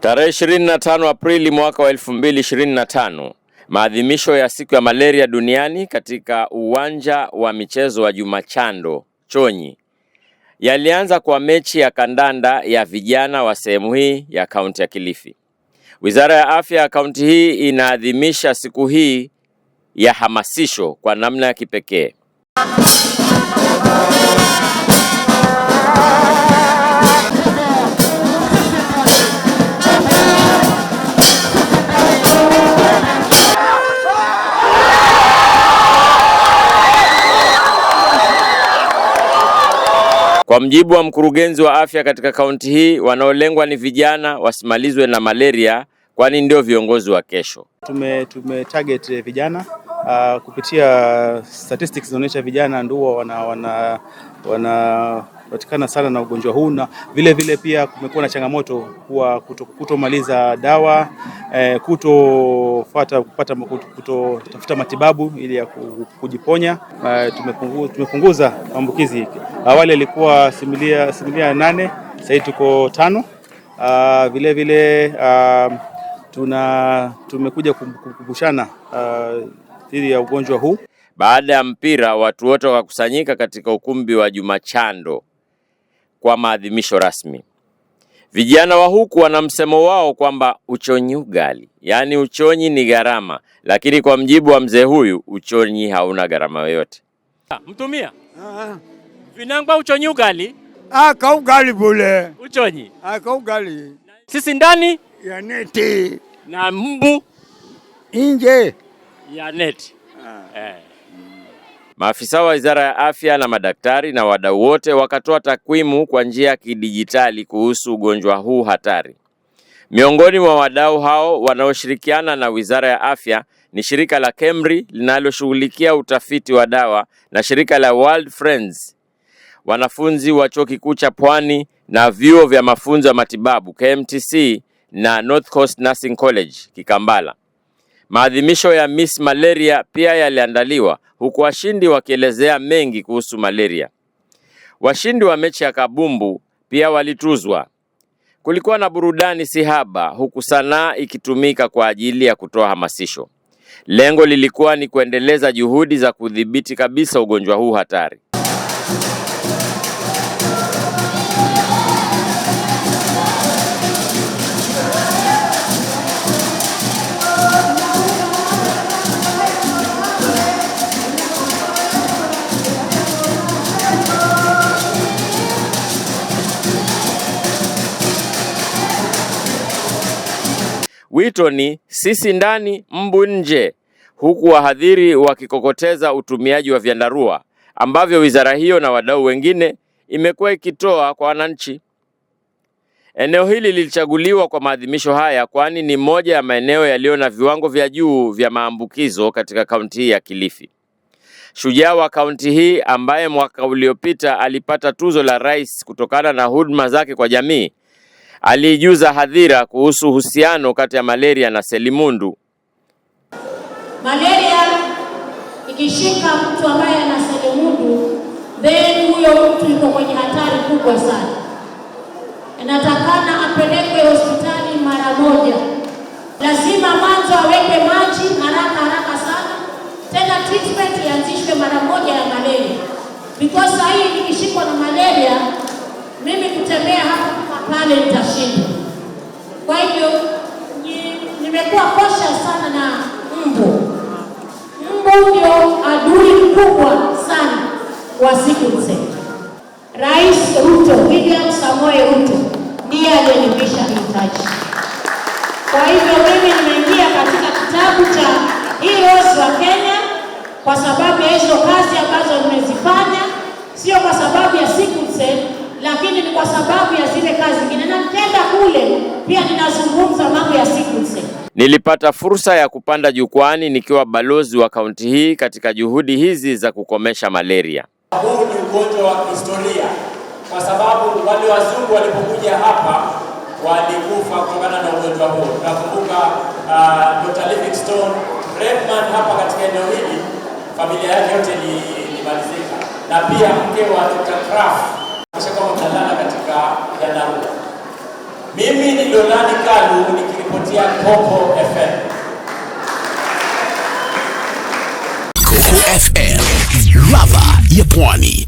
Tarehe 25 Aprili mwaka wa 2025, maadhimisho ya siku ya malaria duniani katika uwanja wa michezo wa Juma Chando Chonyi yalianza kwa mechi ya kandanda ya vijana wa sehemu hii ya kaunti ya Kilifi. Wizara ya Afya ya kaunti hii inaadhimisha siku hii ya hamasisho kwa namna ya kipekee. Kwa mjibu wa mkurugenzi wa afya katika kaunti hii, wanaolengwa ni vijana wasimalizwe na malaria, kwani ndio viongozi wa kesho. Tume, tume target eh, vijana uh, kupitia statistics zinaonyesha vijana ndio wana, wana, wana kupatikana sana na ugonjwa huu, na vile vile pia kumekuwa na changamoto kuwa kutomaliza kuto dawa e, kutofuata kupata kutotafuta matibabu ili ya kujiponya e, eh, tumepunguza, tumepunguza maambukizi. Awali ilikuwa asilimia asilimia nane, sasa tuko tano. Uh, vile vile uh, tuna tumekuja kukumbushana ah, dhidi ya ugonjwa huu. Baada ya mpira, watu wote wakakusanyika katika ukumbi wa Juma Chando kwa maadhimisho rasmi. Vijana wa huku wana msemo wao kwamba uchonyi ugali, yaani uchonyi ni gharama, lakini kwa mjibu wa mzee huyu uchonyi hauna gharama yoyote. Ah, Mtumia ah, ah. vinangwa uchonyi ugali aka ugali bule uchonyi aka ugali sisi ndani ya neti na mbu nje ya neti eh. Maafisa wa Wizara ya Afya na madaktari na wadau wote wakatoa takwimu kwa njia ya kidijitali kuhusu ugonjwa huu hatari. Miongoni mwa wadau hao wanaoshirikiana na Wizara ya Afya ni shirika la KEMRI linaloshughulikia utafiti wa dawa na shirika la World Friends. Wanafunzi wa Chuo Kikuu cha Pwani na vyuo vya mafunzo ya matibabu KMTC na North Coast Nursing College Kikambala Maadhimisho ya Miss Malaria pia yaliandaliwa huku washindi wakielezea mengi kuhusu malaria. Washindi wa mechi ya kabumbu pia walituzwa. Kulikuwa na burudani si haba, huku sanaa ikitumika kwa ajili ya kutoa hamasisho. Lengo lilikuwa ni kuendeleza juhudi za kudhibiti kabisa ugonjwa huu hatari. Wito ni sisi ndani, mbu nje, huku wahadhiri wakikokoteza utumiaji wa vyandarua ambavyo wizara hiyo na wadau wengine imekuwa ikitoa kwa wananchi. Eneo hili lilichaguliwa kwa maadhimisho haya kwani ni moja ya maeneo yaliyo na viwango vya juu vya maambukizo katika kaunti hii ya Kilifi. Shujaa wa kaunti hii ambaye mwaka uliopita alipata tuzo la rais kutokana na huduma zake kwa jamii aliijuza hadhira kuhusu uhusiano kati ya malaria na selimundu. Malaria ikishika mtu ambaye ana selimundu, then huyo mtu yuko kwenye hatari kubwa sana, inatakana apelekwe hospitali mara moja. Lazima mwanzo aweke maji haraka haraka sana, tena treatment ianzishwe mara moja ya malaria. Huu ndio adui mkubwa sana wa siku nzima. Rais Ruto, William Samoei Ruto ndiye aliyelipisha mitaji. Kwa hivyo mimi nimeingia katika kitabu cha Heroes wa Kenya kwa sababu ya hizo kazi ambazo nimezifanya, sio kwa sababu ya siku nzima, lakini ni kwa sababu ya zile kazi zingine, na kule pia ninazungumza mambo ya siku nzima. Nilipata fursa ya kupanda jukwani nikiwa balozi wa kaunti hii katika juhudi hizi za kukomesha malaria. Huu ni ugonjwa wa historia kwa sababu wale wazungu walipokuja hapa walikufa kutokana na ugonjwa huu. Nakumbuka uh, ah, Dr. Livingstone Redman hapa katika eneo hili familia yake yote ilimalizika, na pia mke wa Dr. Kraft ashakatalala katika Janarua. Mimi ni Donani Kalu nikiripotia Koko. FM, lava ya pwani.